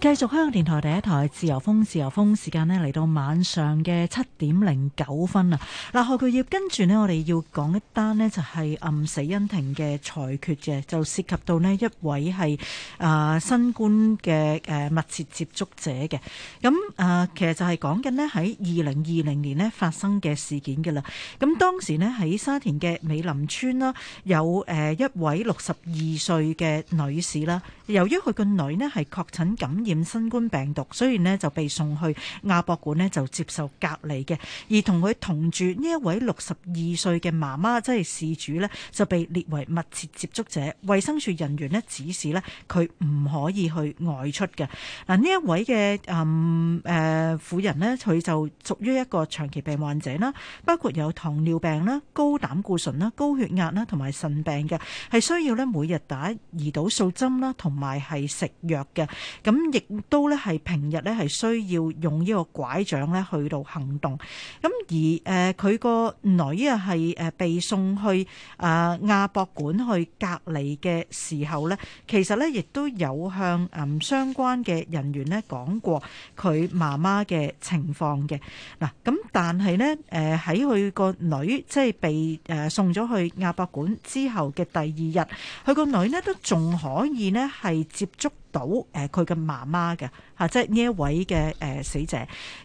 繼續香港電台第一台自由風，自由風時間咧嚟到晚上嘅七點零九分啊，嗱，何巨要跟住咧，我哋要講一單咧，就係、是、暗死因庭嘅裁決嘅，就涉及到咧一位係啊、呃、新冠嘅誒密切接觸者嘅。咁、呃、啊，其實就係講緊咧喺二零二零年咧發生嘅事件噶啦。咁當時咧喺沙田嘅美林邨啦，有誒一位六十二歲嘅女士啦，由於佢個女咧係確診感染。染新冠病毒，所以呢就被送去亞博館呢就接受隔離嘅，而同佢同住呢一位六十二歲嘅媽媽，即係事主呢就被列為密切接觸者。衛生署人員呢指示呢佢唔可以去外出嘅。嗱，呢一位嘅誒誒婦人呢，佢就屬於一個長期病患者啦，包括有糖尿病啦、高膽固醇啦、高血壓啦同埋腎病嘅，係需要呢每日打胰島素針啦，同埋係食藥嘅，咁亦。都咧係平日咧係需要用呢個拐杖咧去到行動，咁而誒佢個女啊係誒被送去啊亞博館去隔離嘅時候呢，其實呢亦都有向誒相關嘅人員呢講過佢媽媽嘅情況嘅嗱，咁但係呢，誒喺佢個女即係被誒送咗去亞博館之後嘅第二日，佢個女呢都仲可以呢係接觸到誒，佢嘅媽媽嘅。啊，即係呢一位嘅誒死者，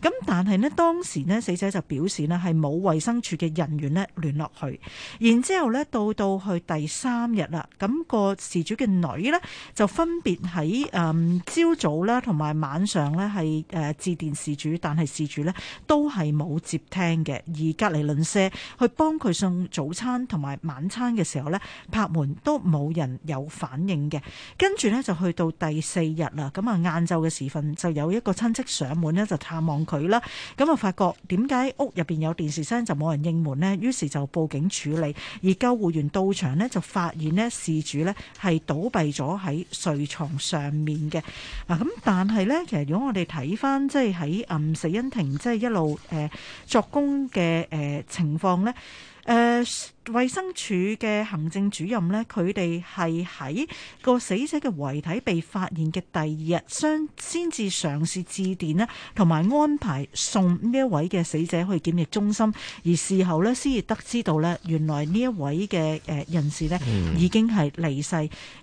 咁但係呢當時呢死者就表示呢係冇衛生署嘅人員呢聯絡佢，然之後呢到到去第三日啦，咁個事主嘅女呢就分別喺誒朝早啦同埋晚上呢係誒、呃、致電事主，但係事主呢都係冇接聽嘅，而隔離鄰舍去幫佢送早餐同埋晚餐嘅時候呢拍門都冇人有反應嘅，跟住呢就去到第四日啦，咁啊晏晝嘅時分。就有一個親戚上門呢，就探望佢啦。咁啊，發覺點解屋入面有電視聲就冇人應門呢？於是就報警處理。而救護員到場呢，就發現呢事主呢係倒閉咗喺睡床上面嘅。啊，咁但係呢，其實如果我哋睇返即係喺暗死因庭即係一路、呃、作供嘅、呃、情況呢。誒、呃。衛生署嘅行政主任呢，佢哋係喺個死者嘅遺體被發現嘅第二日，先先至嘗試致電呢同埋安排送呢一位嘅死者去檢疫中心，而事後呢先至得知道，呢原來呢一位嘅誒人士呢已經係離世。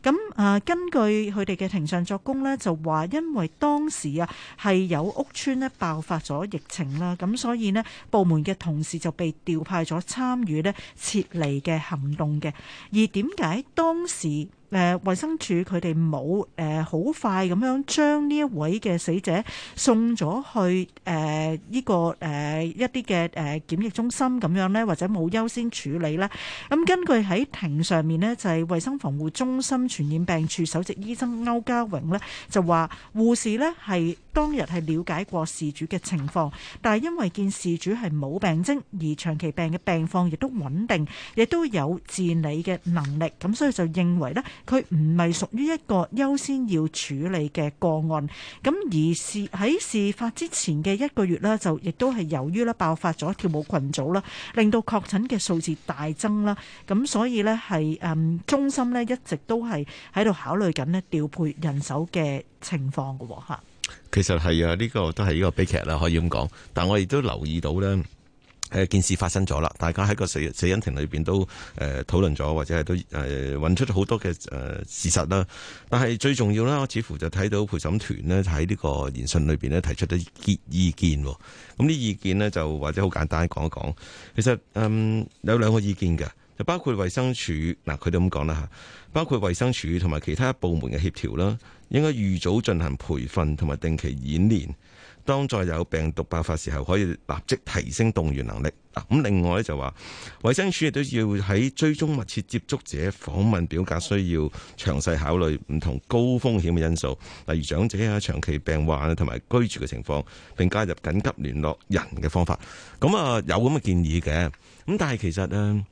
咁、嗯、啊，根據佢哋嘅庭上作供呢就話因為當時啊係有屋邨呢爆發咗疫情啦，咁所以呢，部門嘅同事就被調派咗參與呢設。嚟嘅行動嘅，而點解當時誒衛、呃、生署佢哋冇誒好快咁樣將呢一位嘅死者送咗去誒呢、呃這個誒、呃、一啲嘅誒檢疫中心咁樣呢？或者冇優先處理呢？咁、嗯、根據喺庭上面呢，就係、是、衛生防護中心傳染病處首席醫生歐家榮呢，就話，護士呢係。當日係了解過事主嘅情況，但係因為見事主係冇病徵，而長期病嘅病況亦都穩定，亦都有自理嘅能力，咁所以就認為咧，佢唔係屬於一個優先要處理嘅個案。咁而事喺事發之前嘅一個月咧，就亦都係由於咧爆發咗跳舞羣組啦，令到確診嘅數字大增啦。咁所以咧係誒中心咧一直都係喺度考慮緊咧調配人手嘅情況㗎吓。其實係啊，呢、這個都係呢個悲劇啦，可以咁講。但我亦都留意到呢誒，件事發生咗啦。大家喺個死死因庭裏邊都誒討論咗，或者係都誒揾、呃、出好多嘅、誒、呃、事實啦。但係最重要啦，我似乎就睇到陪審團咧喺呢個研訊裏邊咧提出咗啲意見。咁啲意見呢，就或者好簡單講一講。其實嗯有兩個意見嘅。就包括衛生署嗱，佢都咁講啦吓，包括衛生署同埋其他部門嘅協調啦，應該預早進行培訓同埋定期演練，當再有病毒爆發時候，可以立即提升動員能力。嗱，咁另外咧就話，衛生署亦都要喺追蹤密切接觸者訪問表格需要詳細考慮唔同高風險嘅因素，例如長者啊、長期病患啊同埋居住嘅情況，並加入緊急聯絡人嘅方法。咁啊，有咁嘅建議嘅。咁但係其實呢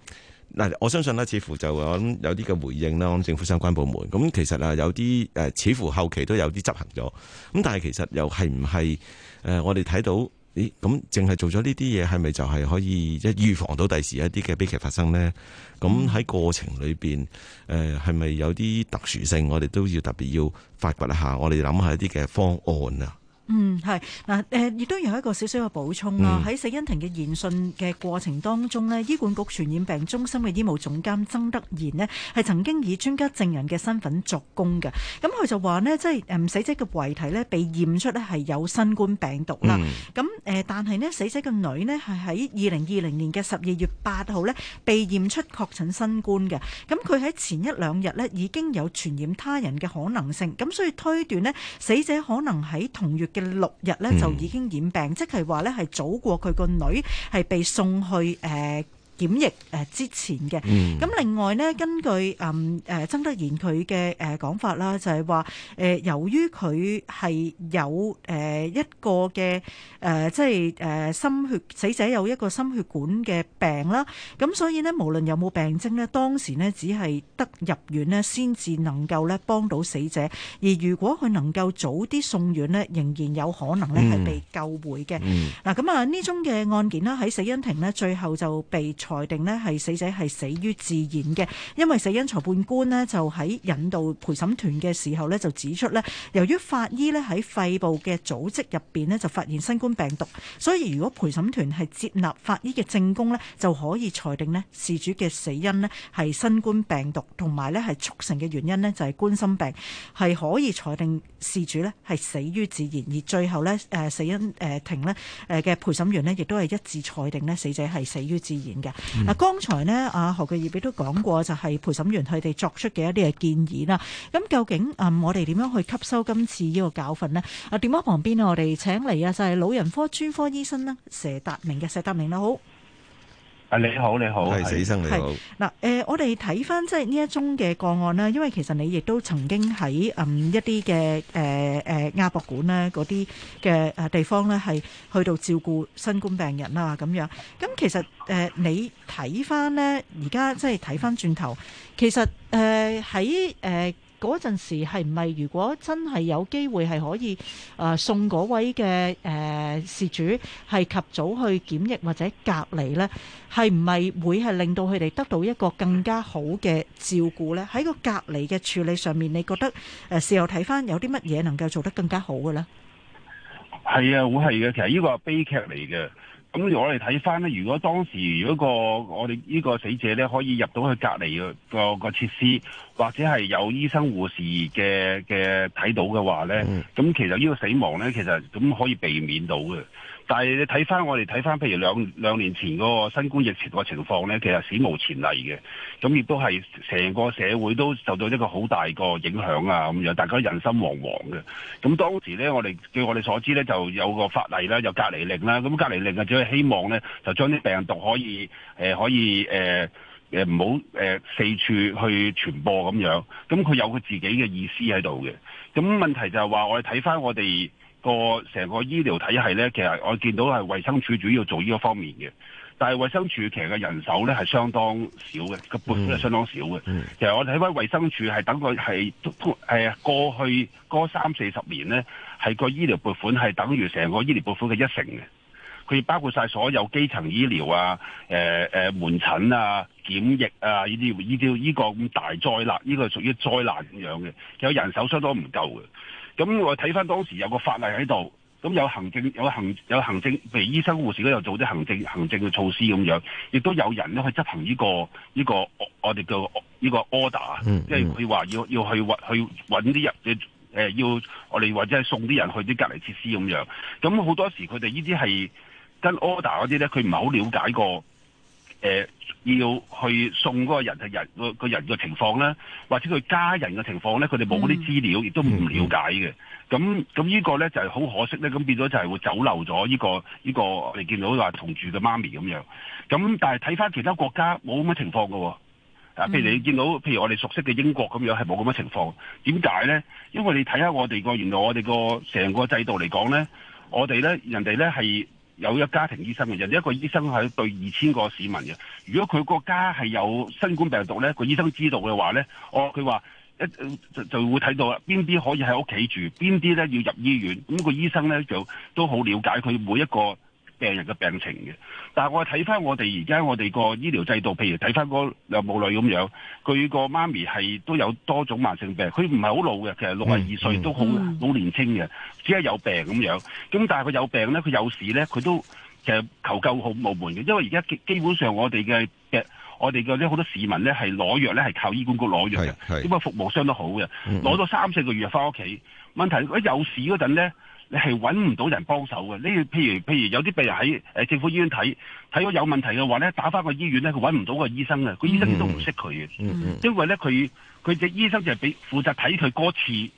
嗱，我相信咧，似乎就有啲嘅回應啦，咁政府相關部門，咁其實啊，有啲誒，似乎後期都有啲執行咗，咁但係其實又係唔係誒，我哋睇到咦，咁淨係做咗呢啲嘢，係咪就係可以即係預防到第時一啲嘅悲劇發生呢？咁喺過程裏邊誒，係咪有啲特殊性，我哋都要特別要發掘一下，我哋諗下一啲嘅方案啊。嗯，係嗱，誒、呃、亦都有一個少少嘅補充啦。喺、嗯、死因庭嘅研訊嘅過程當中咧，醫管局傳染病中心嘅醫務總監曾德賢咧係曾經以專家證人嘅身份作供嘅。咁佢就話咧，即係誒死者嘅遺體咧被驗出咧係有新冠病毒啦。咁、嗯、誒、呃，但係咧死者嘅女咧係喺二零二零年嘅十二月八號咧被驗出確診新冠嘅。咁佢喺前一兩日咧已經有傳染他人嘅可能性。咁所以推斷咧，死者可能喺同月嘅。六日咧就已經染病，嗯、即係話咧係早過佢個女係被送去誒、呃檢疫之前嘅，咁、嗯、另外呢，根據誒誒、嗯呃、曾德賢佢嘅誒講法啦，就係、是、話、呃、由於佢係有誒、呃、一個嘅誒、呃、即係誒、呃、心血死者有一個心血管嘅病啦，咁所以呢，無論有冇病徵呢，當時呢，只係得入院呢先至能夠咧幫到死者，而如果佢能夠早啲送院呢，仍然有可能咧係被救回嘅。嗱、嗯、咁、嗯、啊，呢宗嘅案件啦，喺死因庭呢，最後就被裁定呢，係死者係死於自然嘅，因為死因裁判官呢，就喺引導陪審團嘅時候呢，就指出呢，由於法醫呢，喺肺部嘅組織入邊呢，就發現新冠病毒，所以如果陪審團係接納法醫嘅證供呢，就可以裁定呢，事主嘅死因呢，係新冠病毒，同埋呢，係促成嘅原因呢，就係冠心病，係可以裁定事主呢，係死於自然，而最後呢，誒死因誒庭呢，誒嘅陪審員呢，亦都係一致裁定呢，死者係死於自然嘅。嗱、嗯，剛才呢，阿何桂業亦都講過，就係、是、陪審員佢哋作出嘅一啲嘅建議啦。咁究竟啊，我哋點樣去吸收今次呢個教訓呢？啊，電話旁邊啊，我哋請嚟啊，就係老人科專科醫生呢，佘達明嘅，佘達明你好。啊你好，你好，係佘醫生你好。嗱，誒、呃，我哋睇翻即係呢一宗嘅個案啦，因為其實你亦都曾經喺、嗯、一啲嘅誒誒亞博館咧嗰啲嘅誒地方呢，係去到照顧新冠病人啦、啊、咁樣。咁其實誒、呃、你睇翻呢，而家即係睇翻轉頭，其實誒喺誒。呃嗰陣時係唔係如果真係有機會係可以誒送嗰位嘅誒事主係及早去檢疫或者隔離呢，係唔係會係令到佢哋得到一個更加好嘅照顧呢？喺個隔離嘅處理上面，你覺得誒事後睇返有啲乜嘢能夠做得更加好嘅呢？係啊，會係嘅。其實呢個係悲劇嚟嘅。咁我哋睇翻咧，如果當時如果個我哋呢個死者咧，可以入到去隔離嘅個個設施，或者係有醫生護士嘅嘅睇到嘅話咧，咁其實呢個死亡咧，其實咁可以避免到嘅。但係你睇翻我哋睇翻，譬如兩兩年前嗰個新冠疫情個情況咧，其實史無前例嘅，咁亦都係成個社會都受到一個好大個影響啊！咁樣大家人心惶惶嘅。咁當時咧，我哋據我哋所知咧，就有個法例啦，有隔離令啦。咁隔離令啊，主要希望咧就將啲病毒可以誒可以誒誒唔好誒四處去傳播咁樣。咁佢有佢自己嘅意思喺度嘅。咁問題就係話我哋睇翻我哋。個成個醫療體系呢，其實我見到係衛生署主要做呢個方面嘅，但係衛生署其實嘅人手呢，係相當少嘅，個撥款係相當少嘅、嗯。其實我睇返衛生署係等佢係誒過去嗰三四十年呢，係個醫療撥款係等於成個醫療撥款嘅一成嘅，佢包括晒所有基層醫療啊、誒、呃、誒、呃、門診啊、檢疫啊呢啲呢啲呢個咁大災難，呢、呢個屬屬於災難咁樣嘅，有人手相當唔夠嘅。咁我睇翻當時有個法例喺度，咁有行政有行有行政，譬如醫生護士咧又做啲行政行政嘅措施咁樣，亦都有人咧去執行呢個呢個我哋叫呢個 order，mm-hmm. 即係佢話要要去去揾啲人、呃、要我哋或者係送啲人去啲隔離設施咁樣。咁好多時佢哋呢啲係跟 order 嗰啲咧，佢唔係好了解過。誒、呃，要去送嗰個人嘅人個人嘅情況咧，或者佢家人嘅情況咧，佢哋冇啲資料，亦、嗯、都唔了解嘅。咁、嗯、咁呢個咧就係、是、好可惜咧，咁變咗就係會走漏咗呢、這個呢、這個你見到話同住嘅媽咪咁樣。咁但係睇翻其他國家冇乜嘅情況噶，啊，譬如你見到、嗯、譬如我哋熟悉嘅英國咁樣係冇咁嘅情況。點解咧？因為你睇下我哋個原來我哋個成個制度嚟講咧，我哋咧人哋咧係。有一家庭醫生嘅，人一個醫生係對二千個市民嘅。如果佢個家係有新冠病毒咧，個醫生知道嘅話咧，哦，佢話一就就，就會睇到邊啲可以喺屋企住，邊啲咧要入醫院。咁個醫生咧就都好了解佢每一個。病人嘅病情嘅，但係我睇翻我哋而家我哋個醫療制度，譬如睇翻嗰兩母女咁樣，佢個媽咪係都有多種慢性病，佢唔係好老嘅，其實六十二歲都好年輕嘅，嗯嗯，只係有病咁樣。咁但係佢有病呢，佢有事呢，佢都其實求救好無門嘅，因為而家基本上我哋嘅我哋嘅好多市民呢，係攞藥呢，係靠醫管局攞藥嘅，因為服務商都好嘅，攞、嗯、咗三四個月返翻屋企，問題係佢有事嗰陣呢。你係揾唔到人幫手嘅，你譬如譬如，有啲病人喺政府醫院睇，睇到有問題嘅話咧，打翻個醫院咧，佢揾唔到個醫生嘅，個醫生都唔識佢嘅，因為咧佢佢隻醫生就係俾負責睇佢嗰次。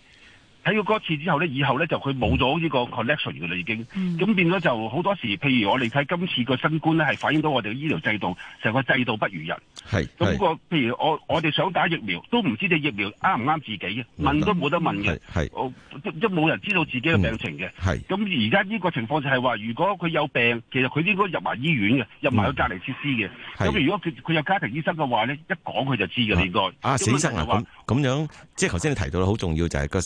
睇到嗰次之後咧，以後咧就佢冇咗呢個 collection 㗎喇，已經咁變咗就好多時。譬如我哋睇今次個新冠咧，係反映到我哋嘅醫療制度成個制度不如人。係咁、那個譬如我我哋想打疫苗都唔知隻疫苗啱唔啱自己嘅、嗯，問都冇得問嘅。係我都冇人知道自己嘅病情嘅。係咁而家呢個情況就係話，如果佢有病，其實佢應該入埋醫院嘅，入埋個隔離設施嘅。係、嗯、咁、那個、如果佢佢有家庭醫生嘅話咧，一講佢就知㗎喇。啊，那個啊那個、死咁咁、啊、即係頭先你提到好重要就係、是、個。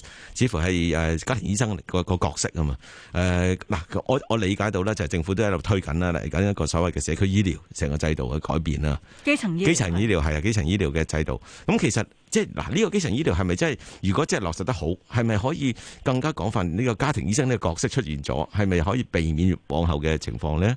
似乎係誒，家庭醫生個個角色啊嘛誒，嗱我我理解到咧，就係政府都喺度推緊啦，嚟緊一個所謂嘅社區醫療成個制度去改變啦。基層醫療，基層醫療係啊，基層醫療嘅制度。咁其實即係嗱呢個基層醫療係咪真係？如果真係落實得好，係咪可以更加廣泛呢、這個家庭醫生呢個角色出現咗？係咪可以避免往後嘅情況呢？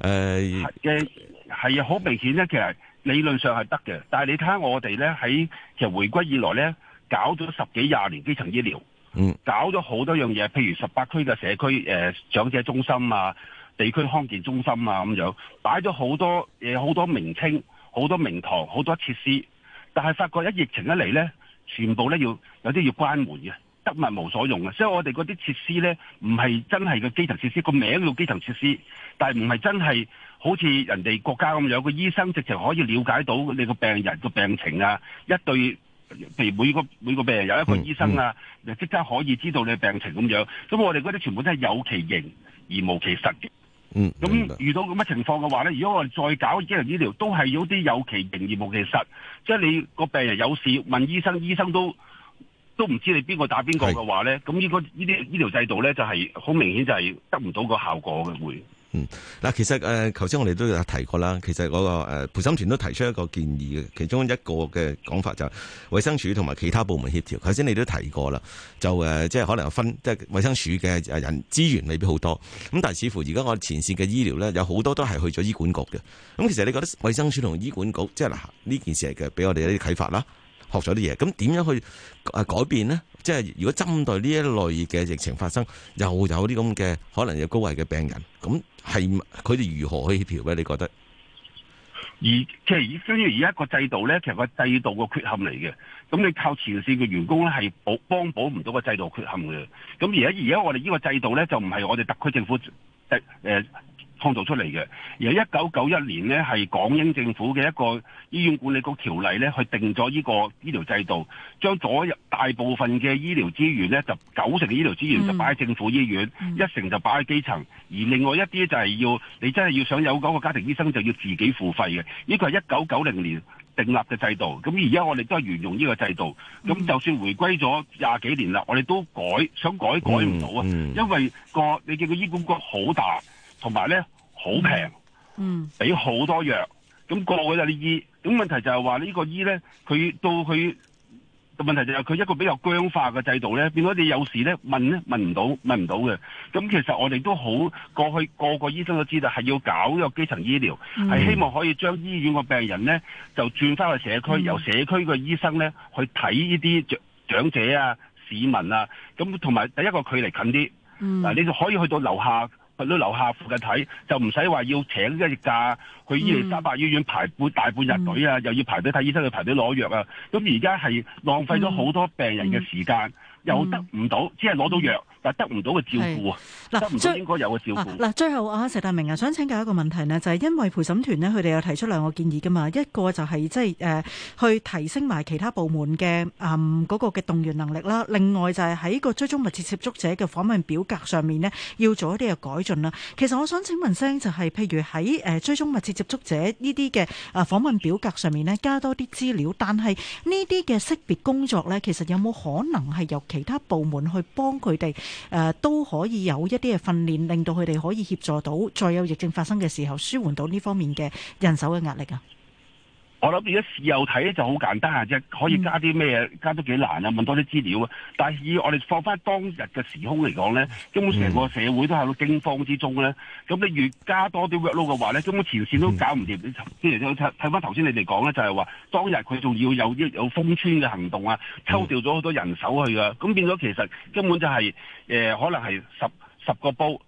誒嘅係好明顯咧，其實理論上係得嘅，但係你睇下我哋咧，喺其實回歸以來咧搞咗十幾廿年基層醫療。嗯，搞咗好多樣嘢，譬如十八區嘅社區誒、呃、長者中心啊，地區康健中心啊咁樣，擺咗好多嘢，好、呃、好多名稱，好多名堂，好多設施，但係發覺一疫情一嚟呢，全部呢要有啲要關門嘅，得物無所用嘅，所以我哋嗰啲設施呢，唔係真係個基層設施，個名叫基層設施，但係唔係真係好似人哋國家咁樣個醫生直情可以了解到你個病人個病情啊，一對。譬如每個每個病人有一個醫生啊，即、嗯嗯、刻可以知道你嘅病情，咁樣，咁我哋嗰啲全部都係有其形而無其實嘅。嗯，咁、嗯、遇到咁嘅情況嘅話呢，如果我哋再搞智能醫療，都係有啲有其形而無其實，即、就、係、是、你個病人有事問醫生，醫生都都唔知你邊個打邊個嘅話呢，咁呢個呢啲醫療制度呢，就係、是、好明顯就係得唔到個效果嘅會。嗯，嗱，其實誒，頭、呃、先我哋都有提過啦。其實嗰、那個誒，陪審團都提出一個建議嘅，其中一個嘅講法就係衛生署同埋其他部門協調。頭先你都提過啦，就誒、呃，即係可能分即係衛生署嘅人資源未必好多，咁但係似乎而家我哋前綫嘅醫療咧有好多都係去咗醫管局嘅。咁其實你覺得衛生署同醫管局，即係嗱呢件事係嘅，俾我哋一啲啟發啦。學咗啲嘢，咁點樣去誒改變呢？即係如果針對呢一類嘅疫情發生，又有啲咁嘅可能有高危嘅病人，咁係佢哋如何去協調咧？你覺得？而即係，關於而家個制度咧，其實個制度嘅缺陷嚟嘅。咁你靠前線嘅員工咧，係補幫補唔到個制度缺陷嘅。咁而家而家我哋呢個制度咧，就唔係我哋特區政府誒。呃創造出嚟嘅，而一九九一年呢，係港英政府嘅一個醫院管理局條例呢，去定咗呢個醫療制度，將左大部分嘅醫療資源呢，就九成嘅醫療資源就擺喺政府醫院，嗯嗯、一成就擺喺基層，而另外一啲就係要你真係要想有嗰個家庭醫生，就要自己付費嘅。呢個係一九九零年訂立嘅制度，咁而家我哋都係沿用呢個制度。咁、嗯、就算回歸咗廿幾年啦，我哋都改想改改唔到啊，因為個你見個醫管局好大。同埋咧，好平，嗯，俾、嗯、好多藥，咁過嗰啲醫，咁問題就係話呢個醫咧，佢到佢，問題就係佢一個比較僵化嘅制度咧，變咗你有時咧問咧問唔到，問唔到嘅。咁其實我哋都好，過去個個醫生都知道係要搞一個基層醫療，係、嗯、希望可以將醫院個病人咧就轉翻去社區、嗯，由社區個醫生咧去睇呢啲長長者啊、市民啊，咁同埋第一個距離近啲，嗱、嗯，你就可以去到樓下。去到樓下附近睇，就唔使話要請一日假，去伊利沙伯醫院排半大半日隊啊，嗯、又要排隊睇醫生，去排隊攞藥啊，咁而家係浪費咗好多病人嘅時間，嗯、又得唔到，嗯、只係攞到藥。啊！得唔到嘅照顧啊，得唔到應該有嘅照顧。嗱，最後啊，佘達明啊，想請教一個問題咧，就係因為陪審團咧，佢哋有提出兩個建議㗎嘛，一個就係即係誒去提升埋其他部門嘅誒嗰個嘅動員能力啦。另外就係喺個追蹤密切接觸者嘅訪問表格上面咧，要做一啲嘅改進啦。其實我想請問聲就係，譬如喺誒追蹤密切接觸者呢啲嘅誒訪問表格上面咧，加多啲資料，但係呢啲嘅識別工作咧，其實有冇可能係由其他部門去幫佢哋？誒都可以有一啲嘅訓練，令到佢哋可以協助到，再有疫症發生嘅時候，舒緩到呢方面嘅人手嘅壓力啊。我諗而家事後睇咧就好簡單啊，啫可以加啲咩，加得幾難啊，問多啲資料啊。但係以我哋放翻當日嘅時空嚟講咧，根本成個社會都喺度驚慌之中咧。咁你越加多啲 workload 嘅話咧，根本前綫都搞唔掂。即係睇返翻頭先你哋講咧，就係話當日佢仲要有有封村嘅行動啊，抽調咗好多人手去噶。咁變咗其實根本就係誒、呃，可能係十十個煲。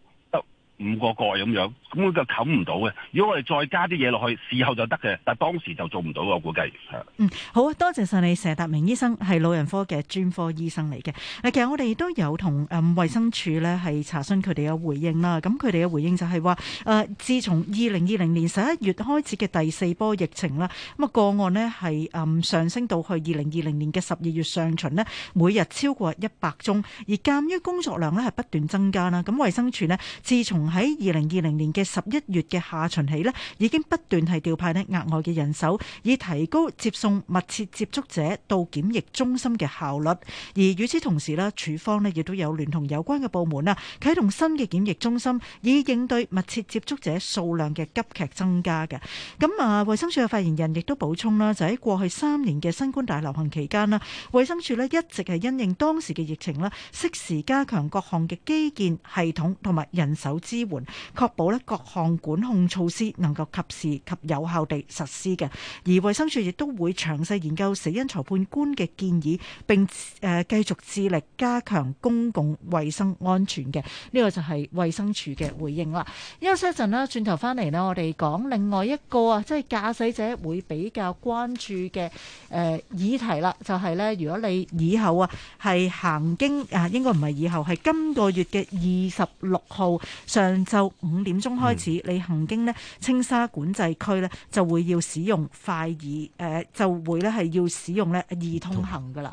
五個蓋咁樣，咁佢就冚唔到嘅。如果我哋再加啲嘢落去，事後就得嘅，但係當時就做唔到啊！我估計，嗯，好多謝晒你，佘達明醫生係老人科嘅專科醫生嚟嘅。嗱，其實我哋都有同誒、嗯、衞生署呢係查詢佢哋嘅回應啦。咁佢哋嘅回應就係話、呃、自從二零二零年十一月開始嘅第四波疫情啦，咁、那、啊個案呢係、嗯、上升到去二零二零年嘅十二月上旬呢，每日超過一百宗。而鑑於工作量呢係不斷增加啦，咁、那、衞、個、衞生署呢，自從喺二零二零年嘅十一月嘅下旬起咧，已經不斷係調派咧額外嘅人手，以提高接送密切接觸者到檢疫中心嘅效率。而與此同時咧，處方咧亦都有聯同有關嘅部門啊，啟動新嘅檢疫中心，以應對密切接觸者數量嘅急劇增加嘅。咁啊，衛生署嘅發言人亦都補充啦，就喺過去三年嘅新冠大流行期間啦，衛生署咧一直係因應當時嘅疫情啦，適時加強各項嘅基建系統同埋人手資。支援，確保咧各項管控措施能夠及時及有效地實施嘅。而衛生署亦都會詳細研究死因裁判官嘅建議，並、呃、繼續致力加強公共衛生安全嘅。呢個就係衛生署嘅回應啦。休息一陣啦，轉頭翻嚟呢，我哋講另外一個，啊，即係駕駛者會比較關注嘅、呃、議題啦，就係咧，如果你以後啊係行經，啊，應該唔係以後，係今個月嘅二十六號上。上晝五點鐘開始，你行經咧青沙管制區咧，就會要使用快易，誒、呃、就會咧係要使用咧易通行㗎喇。